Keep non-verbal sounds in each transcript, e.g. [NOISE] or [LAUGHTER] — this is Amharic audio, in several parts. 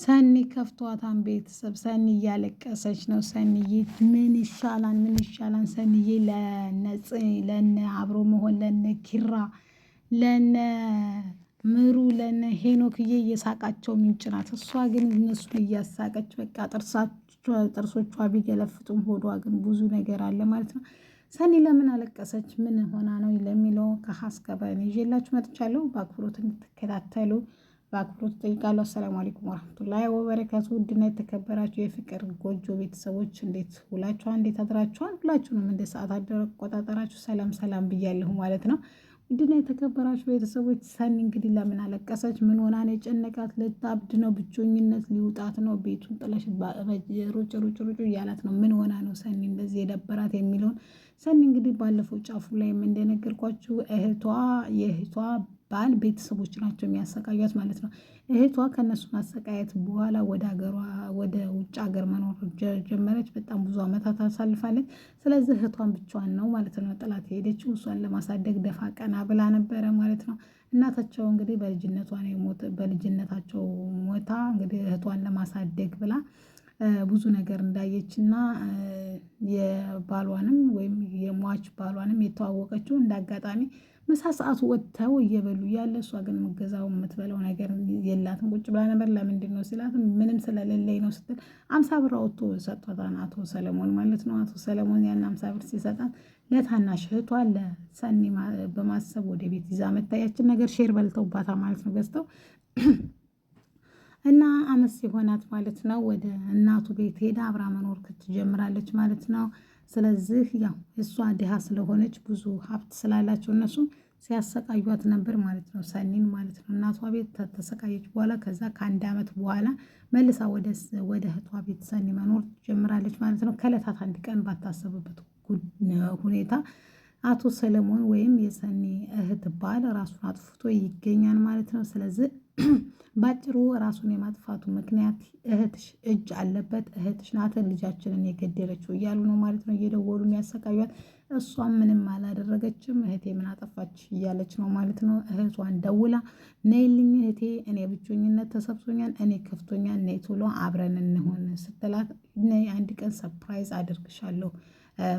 ሰኒ ከፍቷታን ቤተሰብ ሰኒ እያለቀሰች ነው። ሰኒዬ ምን ይሻላል? ምን ይሻላል? ሰኒዬ ለነፅ ለነ አብሮ መሆን ለነ ኪራ ለነ ምሩ ለነ ሄኖክዬ እየሳቃቸው ምንጭ ናት። እሷ ግን እነሱን እያሳቀች በቃ ጥርሶቿ ቢገለፍጡም ሆዷ ግን ብዙ ነገር አለ ማለት ነው። ሰኒ ለምን አለቀሰች? ምን ሆና ነው? ለሚለው ከሀስ ከበን ይዤላችሁ መጥቻለሁ። በአክብሮት እንድትከታተሉ በአክብሮት ጠይቃለሁ። አሰላሙ አለይኩም ወረህመቱላሂ ወበረካቱ። ውድና የተከበራችሁ የፍቅር ጎጆ ቤተሰቦች እንዴት ውላችኋል? እንዴት አድራችኋል? ሁላችሁንም እንደ ሰዓት ቆጣጠራችሁ ሰላም ሰላም ብያለሁ ማለት ነው። ውድና የተከበራችሁ ቤተሰቦች ሰኒ እንግዲህ ለምን አለቀሰች? ምን ሆና ነው የጨነቃት? ልታብድ ነው? ብቸኝነት ሊውጣት ነው? ቤቱን ጥለሽ ሩጭ ሩጭ ሩጭ እያላት ነው። ምን ሆና ነው ሰኒ እንደዚህ የደበራት የሚለውን ሰኒ እንግዲህ ባለፈው ጫፉ ላይ እንደነገርኳችሁ እህቷ የእህቷ ባል ቤተሰቦች ናቸው የሚያሰቃዩት ማለት ነው። እህቷ ከእነሱ ማሰቃየት በኋላ ወደ ሀገሯ ወደ ውጭ ሀገር መኖር ጀመረች። በጣም ብዙ ዓመታት አሳልፋለች። ስለዚህ እህቷን ብቻዋን ነው ማለት ነው ጥላት የሄደችው። እሷን ለማሳደግ ደፋ ቀና ብላ ነበረ ማለት ነው። እናታቸው እንግዲህ በልጅነቷ ነው በልጅነታቸው ሞታ እንግዲህ እህቷን ለማሳደግ ብላ ብዙ ነገር እንዳየች እና የባሏንም ወይም የሟች ባሏንም የተዋወቀችው እንዳጋጣሚ ምሳ ሰዓት ወጥተው እየበሉ እያለ እሷ ግን ምገዛው የምትበላው ነገር የላትም። ቁጭ ብላ ነበር። ለምንድን ነው ሲላት ምንም ስለሌለኝ ነው ስትል አምሳ ብር አውጥቶ ሰጧታን አቶ ሰለሞን ማለት ነው። አቶ ሰለሞን ያን አምሳ ብር ሲሰጣት ለታናሽ እህቷ ለሰኒ በማሰብ ወደ ቤት ይዛ መታያችን ነገር ሼር በልተውባታ ማለት ነው ገዝተው እና አመስ የሆናት ማለት ነው ወደ እናቱ ቤት ሄዳ አብራ መኖር ትጀምራለች ማለት ነው። ስለዚህ ያው እሷ ድሃ ስለሆነች ብዙ ሀብት ስላላቸው እነሱ ሲያሰቃዩት ነበር ማለት ነው፣ ሰኒን ማለት ነው። እናቷ ቤት ተሰቃየች በኋላ ከዛ ከአንድ አመት በኋላ መልሳ ወደ እህቷ ቤት ሰኒ መኖር ጀምራለች ማለት ነው። ከለታት አንድ ቀን ባታሰብበት ሁኔታ አቶ ሰለሞን ወይም የሰኒ እህት ባል ራሱን አጥፍቶ ይገኛል ማለት ነው። ስለዚህ ባጭሩ ራሱን የማጥፋቱ ምክንያት እህትሽ እጅ አለበት፣ እህትሽ ናትን ልጃችንን የገደለችው እያሉ ነው ማለት ነው እየደወሉ የሚያሰቃዩት። እሷም ምንም አላደረገችም። እህቴ ምን አጠፋች እያለች ነው ማለት ነው። እህቷን ደውላ ነይልኝ እህቴ፣ እኔ ብቸኝነት ተሰብቶኛል፣ እኔ ከፍቶኛል፣ ነይ ቶሎ አብረን እንሆን ስትላት ነይ አንድ ቀን ሰርፕራይዝ አድርግሻለሁ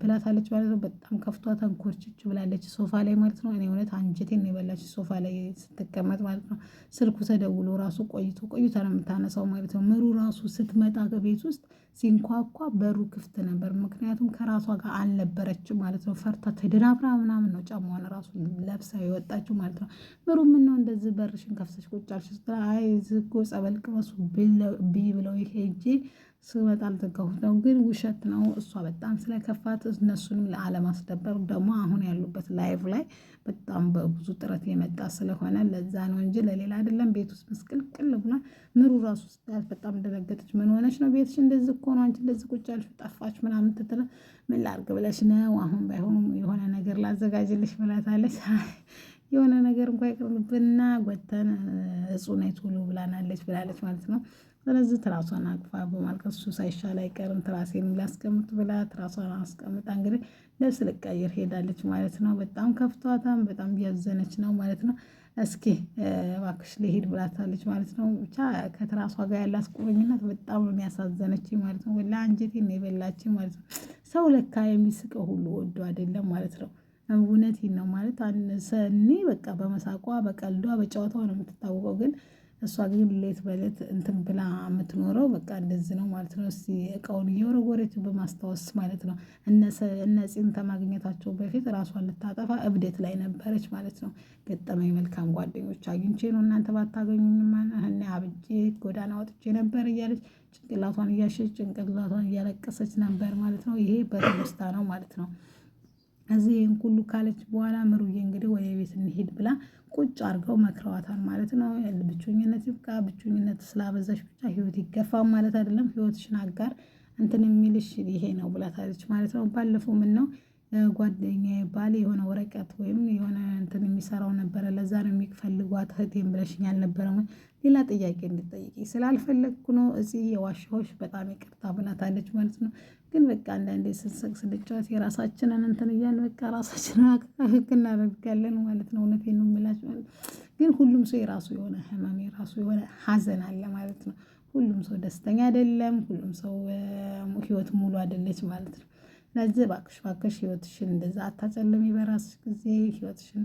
ብላታለች ማለት ነው። በጣም ከፍቷ ተንኮርችች ብላለች ሶፋ ላይ ማለት ነው። እኔ እውነት አንጀቴን የበላች ሶፋ ላይ ስትቀመጥ ማለት ነው። ስልኩ ተደውሎ ራሱ ቆይቶ ቆይታ ነው የምታነሳው ማለት ነው። ምሩ ራሱ ስትመጣ ከቤት ውስጥ ሲንኳኳ በሩ ክፍት ነበር። ምክንያቱም ከራሷ ጋር አልነበረችም ማለት ነው። ፈርታ ተደናብራ ምናምን ነው ጫማዋን ራሱ ለብሳ የወጣችው ማለት ነው። ምሩ ምነው እንደዚህ በርሽን ከፍተሽ ቁጭ አልሽ? አይ ዝጎ ጸበል ቅመሱ ብለው ይሄ እንጂ ስመጣ አልዘጋሁት ነው፣ ግን ውሸት ነው። እሷ በጣም ስለከፋት እነሱንም ለአለማስደበር ደግሞ አሁን ያሉበት ላይቭ ላይ በጣም በብዙ ጥረት የመጣ ስለሆነ ለዛ ነው እንጂ ለሌላ አይደለም። ቤት ውስጥ ምስቅልቅል ብላ ምሩ ራሱ ስታያት በጣም እንደነገጠች ምን ሆነች ነው ቤትሽ እንደዚህ እኮ ነው አንቺ እንደዚህ ቁጭ ያልሽ ጠፋች ምናምን ትትለ ምን ላርግ ብለሽ ነው አሁን ባይሆኑ የሆነ ነገር ላዘጋጅልሽ ብላታለች። የሆነ ነገር እንኳ ይቅርብና ጎተን እጹ ነይ ቶሎ ብላናለች ብላለች ማለት ነው። ስለዚህ ትራሷን አቅፋ በማልቀስ እሱ ሳይሻል አይቀርም ትራሴን ላስቀምጥ ብላ ትራሷን አስቀምጣ እንግዲህ ልብስ ልቀይር ሄዳለች ማለት ነው። በጣም ከፍቷታም በጣም እያዘነች ነው ማለት ነው። እስኪ እባክሽ ልሄድ ብላታለች ማለት ነው። ብቻ ከትራሷ ጋር ያላት ቁርኝነት በጣም ነው የሚያሳዘነች ማለት ነው። ወላ አንጀቴን የበላች ማለት ነው። ሰው ለካ የሚስቀው ሁሉ ወዶ አይደለም ማለት ነው። እውነቴን ነው ማለት ሰኒ በቃ በመሳቋ በቀልዷ በጨዋታዋ ነው የምትታወቀው ግን እሷ ግን ሌት በሌት እንትን ብላ የምትኖረው በቃ እንደዚህ ነው ማለት ነው። እስቲ እቃውን እየወረወረች በማስታወስ ማለት ነው። እነፂን ተማግኘታቸው ከማግኘታቸው በፊት ራሷን ልታጠፋ እብደት ላይ ነበረች ማለት ነው። ገጠመኝ መልካም ጓደኞች አግኝቼ ነው እናንተ ባታገኙኝማ እኔ አብጄ ጎዳና ወጥቼ ነበር እያለች ጭንቅላቷን እያሸች ጭንቅላቷን እያለቀሰች ነበር ማለት ነው። ይሄ በትውስታ ነው ማለት ነው። እዚህ ይህን ሁሉ ካለች በኋላ ምሩዬ እንግዲህ ወደ ቤት እንሄድ ብላ ቁጭ አድርገው መክረዋታል ማለት ነው። ብቸኝነት ይብቃ። ብቸኝነት ስላበዛሽ ብቻ ህይወት ይገፋም ማለት አይደለም። ህይወትሽን አጋር እንትን የሚልሽ ይሄ ነው ብላታለች ማለት ነው። ባለፈው ምን ነው ጓደኛ ባል የሆነ ወረቀት ወይም የሆነ እንትን የሚሰራው ነበረ ለዛ ነው የሚፈልጓት እህቴን ብለሽኝ አልነበረም ሌላ ጥያቄ እንድጠይቅ ስላልፈለግኩ ነው እዚህ የዋሻዎች በጣም ይቅርታ ብላታለች ማለት ነው። ግን በቃ አንዳንዴ ስንስቅ ስንጫወት የራሳችንን እንትን እያን በቃ ራሳችን አቅቅ እናደርጋለን ማለት ነው። እውነት ነው የምላችሁ። ግን ሁሉም ሰው የራሱ የሆነ ህመም፣ የራሱ የሆነ ሀዘን አለ ማለት ነው። ሁሉም ሰው ደስተኛ አይደለም። ሁሉም ሰው ህይወት ሙሉ አይደለች ማለት ነው። ነዚ እባክሽ እባክሽ ህይወትሽን እንደዛ አታጨልሚ። በራስሽ ጊዜ ህይወትሽን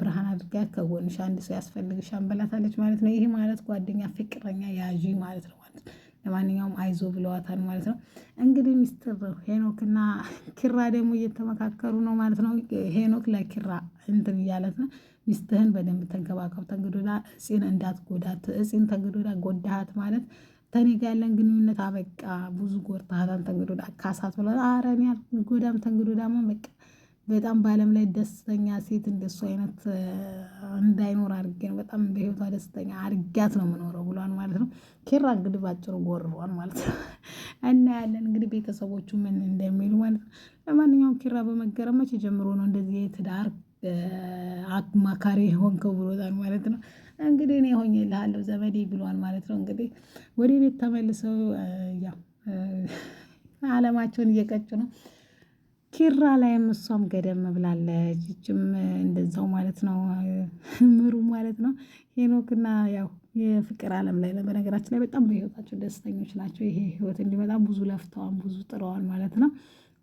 ብርሃን አድርጋ ከጎንሽ አንድ ሰው ያስፈልግሻል ብላታለች ማለት ነው። ይህ ማለት ጓደኛ፣ ፍቅረኛ ያዥ ማለት ነው ማለት ነው። ለማንኛውም አይዞ ብለዋታል ማለት ነው። እንግዲህ ሚስትር ሄኖክ ሄኖክና ኪራ ደግሞ እየተመካከሩ ነው ማለት ነው። ሄኖክ ለኪራ እንትን እያለት ነው ሚስትህን በደንብ ተንከባከብ፣ ተንግዶዳ እፂን እንዳትጎዳት፣ እፂን ተንግዶዳ ጎዳሃት ማለት ተኔ ጋ ያለን ግንኙነት አበቃ፣ ብዙ ጎርታሃታን፣ ተንግዶዳ ካሳት ብለ አረኒያ ያል ጎዳም ተንግዶዳማ በቃ በጣም በዓለም ላይ ደስተኛ ሴት እንደሱ አይነት እንዳይኖር አድርጌ በጣም በህይወቷ ደስተኛ አድርጊያት ነው የምኖረው ብሏል ማለት ነው። ኪራ እንግዲህ ባጭሩ ጎርቧል ማለት ነው። እናያለን እንግዲህ ቤተሰቦቹ ምን እንደሚሉ ማለት ነው። ለማንኛውም ኪራ በመገረም መቼ ጀምሮ ነው እንደዚህ የትዳር አማካሪ ሆንከው ብሎታል ማለት ነው። እንግዲህ እኔ ሆኜልሃለሁ ዘመዴ ብሏል ማለት ነው። እንግዲህ ወደ ቤት ተመልሰው ያው አለማቸውን እየቀጩ ነው። ኪራ ላይም እሷም ገደም ብላለች። ይችም እንደዛው ማለት ነው ምሩ ማለት ነው ሄኖክና ያው የፍቅር አለም ላይ በነገራችን ላይ በጣም በህይወታቸው ደስተኞች ናቸው። ይሄ ህይወት እንዲመጣ ብዙ ለፍተዋል፣ ብዙ ጥረዋል ማለት ነው።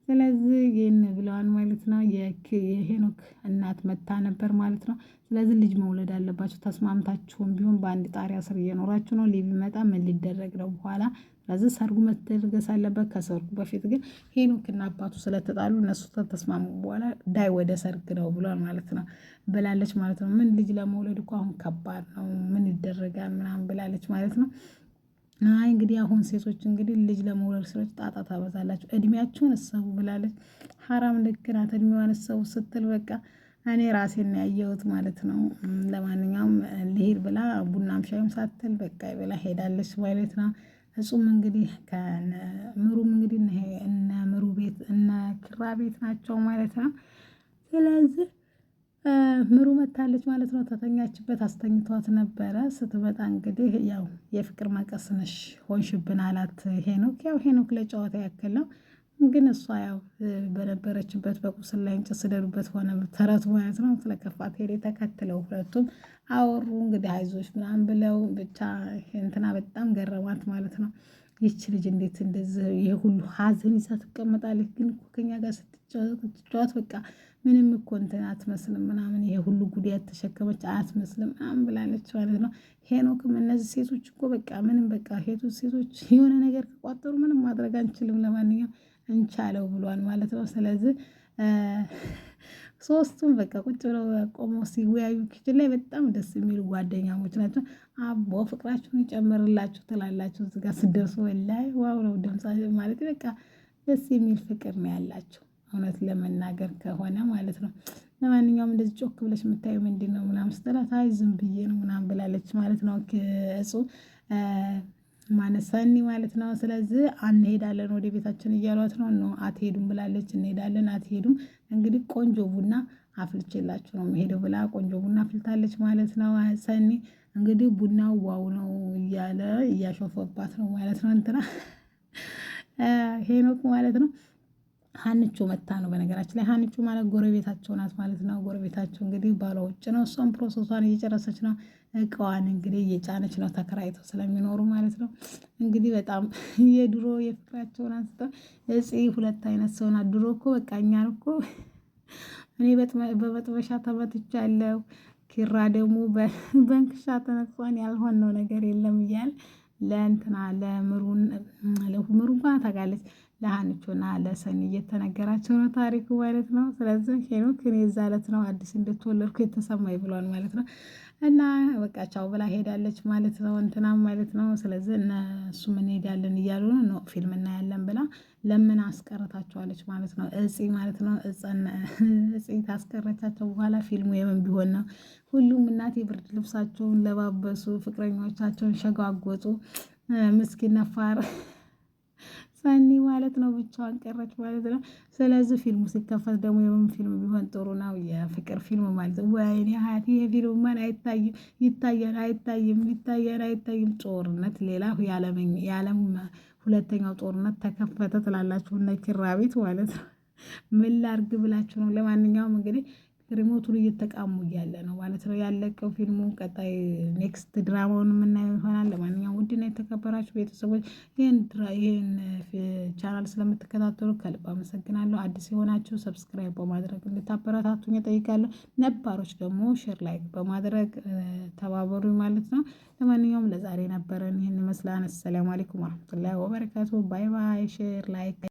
ስለዚህ ይህን ብለዋል ማለት ነው። የሄኖክ እናት መታ ነበር ማለት ነው። ስለዚህ ልጅ መውለድ አለባቸው። ተስማምታችሁም ቢሆን በአንድ ጣሪያ ስር እየኖራችሁ ነው። ሊቪ መጣ ምን ሊደረግ ነው በኋላ ስለዚህ ሰርጉ መደገስ አለበት። ከሰርጉ በፊት ግን ሄኖክና አባቱ ስለተጣሉ እነሱ ተስማሙ በኋላ ዳይ ወደ ሰርግ ነው ብሏል ማለት ነው ብላለች ማለት ነው። ምን ልጅ ለመውለድ እኮ አሁን ከባድ ነው ምን ይደረጋል ምናምን ብላለች ማለት ነው። አይ እንግዲህ አሁን ሴቶች እንግዲህ ልጅ ለመውለድ ሰዎች ጣጣ ታበዛላችሁ፣ እድሜያችሁን እሰቡ ብላለች። ሀራም ልክ ናት፣ እድሜዋን እሰቡ ስትል በቃ እኔ ራሴን ያየሁት ማለት ነው። ለማንኛውም ልሄድ ብላ ቡናም ሻይም ሳትል በቃ ብላ ሄዳለች ማለት ነው። እጹም እንግዲህ ምሩም እንግዲህ እነ ምሩ ቤት እነ ኪራ ቤት ናቸው ማለት ነው። ስለዚህ ምሩ መታለች ማለት ነው። ተተኛችበት አስተኝቷት ነበረ። ስትመጣ እንግዲህ ያው የፍቅር መቀስነሽ ሆንሽብን አላት ሄኖክ። ያው ሄኖክ ለጨዋታ ያክል ነው። ግን እሷ ያው በነበረችበት በቁስል ላይ እንጨት ስደዱበት ሆነ ተረት ማለት ነው። ስለከፋት ሄደ ተከትለው ሁለቱም አወሩ። እንግዲህ አይዞች ምናምን ብለው ብቻ እንትና በጣም ገረማት ማለት ነው። ይች ልጅ እንዴት እንደዚህ ይህ ሁሉ ሀዘን ይዛ ትቀመጣለች? ግን እኮ ከኛ ጋር ስትጫወት በቃ ምንም እኮ እንትን አትመስልም ምናምን ይሄ ሁሉ ጉዳይ ተሸከመች አትመስልም ምናምን ብላለች ማለት ነው። ሄኖክም እነዚህ ሴቶች እኮ በቃ ምንም በቃ ሴቶች ሴቶች የሆነ ነገር ከቋጠሩ ምንም ማድረግ አንችልም። ለማንኛውም እንቻለው ብሏል ማለት ነው። ስለዚህ ሶስቱም በቃ ቁጭ ብለው ቆመው ሲወያዩ ኪችን ላይ በጣም ደስ የሚሉ ጓደኛሞች ናቸው። አቦ ፍቅራችሁን ይጨምርላችሁ ትላላችሁ። እዚጋ ስደርሱ ላይ ዋው ነው ድምጻ ማለት በቃ ደስ የሚል ፍቅር ነው ያላቸው እውነት ለመናገር ከሆነ ማለት ነው። ለማንኛውም እንደዚህ ጮክ ብለሽ የምታዩ ምንድን ነው ምናምን ስትላት አይ ዝም ብዬ ነው ምናምን ብላለች ማለት ነው እጹ ማነሳኒ ማለት ነው። ስለዚህ አንሄዳለን ወደ ቤታችን እያሏት ነው ነው አትሄዱም ብላለች። እንሄዳለን አትሄዱም እንግዲህ ቆንጆ ቡና አፍልቼላችሁ ነው የምሄደው ብላ ቆንጆ ቡና አፍልታለች ማለት ነው። ሰኒ እንግዲህ ቡናው ዋው ነው እያለ እያሾፈባት ነው ማለት ነው። እንትና ሄኖክ ማለት ነው። ሀንቹ መታ ነው። በነገራችን ላይ ሀንቹ ማለት ጎረቤታቸው ናት ማለት ነው። ጎረቤታቸው እንግዲህ ባሏ ውጭ ነው። እሷም ፕሮሰሷን እየጨረሰች ነው። እቃዋን እንግዲህ እየጫነች ነው። ተከራይተው ስለሚኖሩ ማለት ነው። እንግዲህ በጣም [LAUGHS] የድሮ የፍቅራቸውን አንስተው እጽ ሁለት አይነት ሰውና ድሮ እኮ በቃ እኛን እኮ እኔ በመጥበሻ ተመትቻለሁ፣ ኪራ ደግሞ [LAUGHS] በእንክሻ ተነጥፏን ያልሆነው ነገር የለም እያል ለእንትና ለምሩን እንደጀመሩ እንኳን ታውቃለች። ለሀንቾና ለሰኒ እየተነገራቸው ነው ታሪኩ ማለት ነው። ስለዚህ ሄኖክ እኔ እዛ ዕለት ነው አዲስ እንደተወለድኩ የተሰማኝ ብሏል ማለት ነው። እና በቃ ቻው ብላ ሄዳለች ማለት ነው እንትና ማለት ነው። ስለዚህ እነሱ ምን ሄዳለን እያሉ ነው ፊልም እናያለን ብላ ለምን አስቀረታቸዋለች ማለት ነው። እጽ ማለት ነው እጽ ታስቀረቻቸው በኋላ ፊልሙ የምን ቢሆን ነው? ሁሉም እናቴ ብርድ ልብሳቸውን ለባበሱ፣ ፍቅረኞቻቸውን ሸጓጎጡ፣ ምስኪን ነፋር ሰኒ ማለት ነው ብቻዋን ቀረች ማለት ነው። ስለዚህ ፊልሙ ሲከፈት ደግሞ የምን ፊልም ቢሆን ጥሩ ነው? የፍቅር ፊልም ማለት ነው። ወይኔ ሀያት ይሄ ፊልም ማን አይታይም? ይታያል፣ አይታይም፣ ይታያል፣ አይታይም። ጦርነት ሌላ የዓለም ሁለተኛው ጦርነት ተከፈተ ትላላችሁ እነ ኪራ ቤት ማለት ነው። ምን ላርግ ብላችሁ ነው? ለማንኛውም እንግዲህ ሪሞቱን እየተቃሙ እያለ ነው ማለት ነው ያለቀው ፊልሙ። ቀጣይ ኔክስት ድራማውን የምናየው ይሆናል። ለማንኛውም ውድና የተከበራችሁ ቤተሰቦች ይህን ይህን ቻናል ስለምትከታተሉ ከልብ አመሰግናለሁ። አዲስ የሆናችሁ ሰብስክራይብ በማድረግ እንድታበረታቱኝ እጠይቃለሁ። ነባሮች ደግሞ ሼር ላይክ በማድረግ ተባበሩ ማለት ነው። ለማንኛውም ለዛሬ ነበረን ይህን ይመስላል። አሰላሙ አለይኩም ወረሕመቱላሂ ወበረካቱ። ባይ ባይ። ሼር ላይክ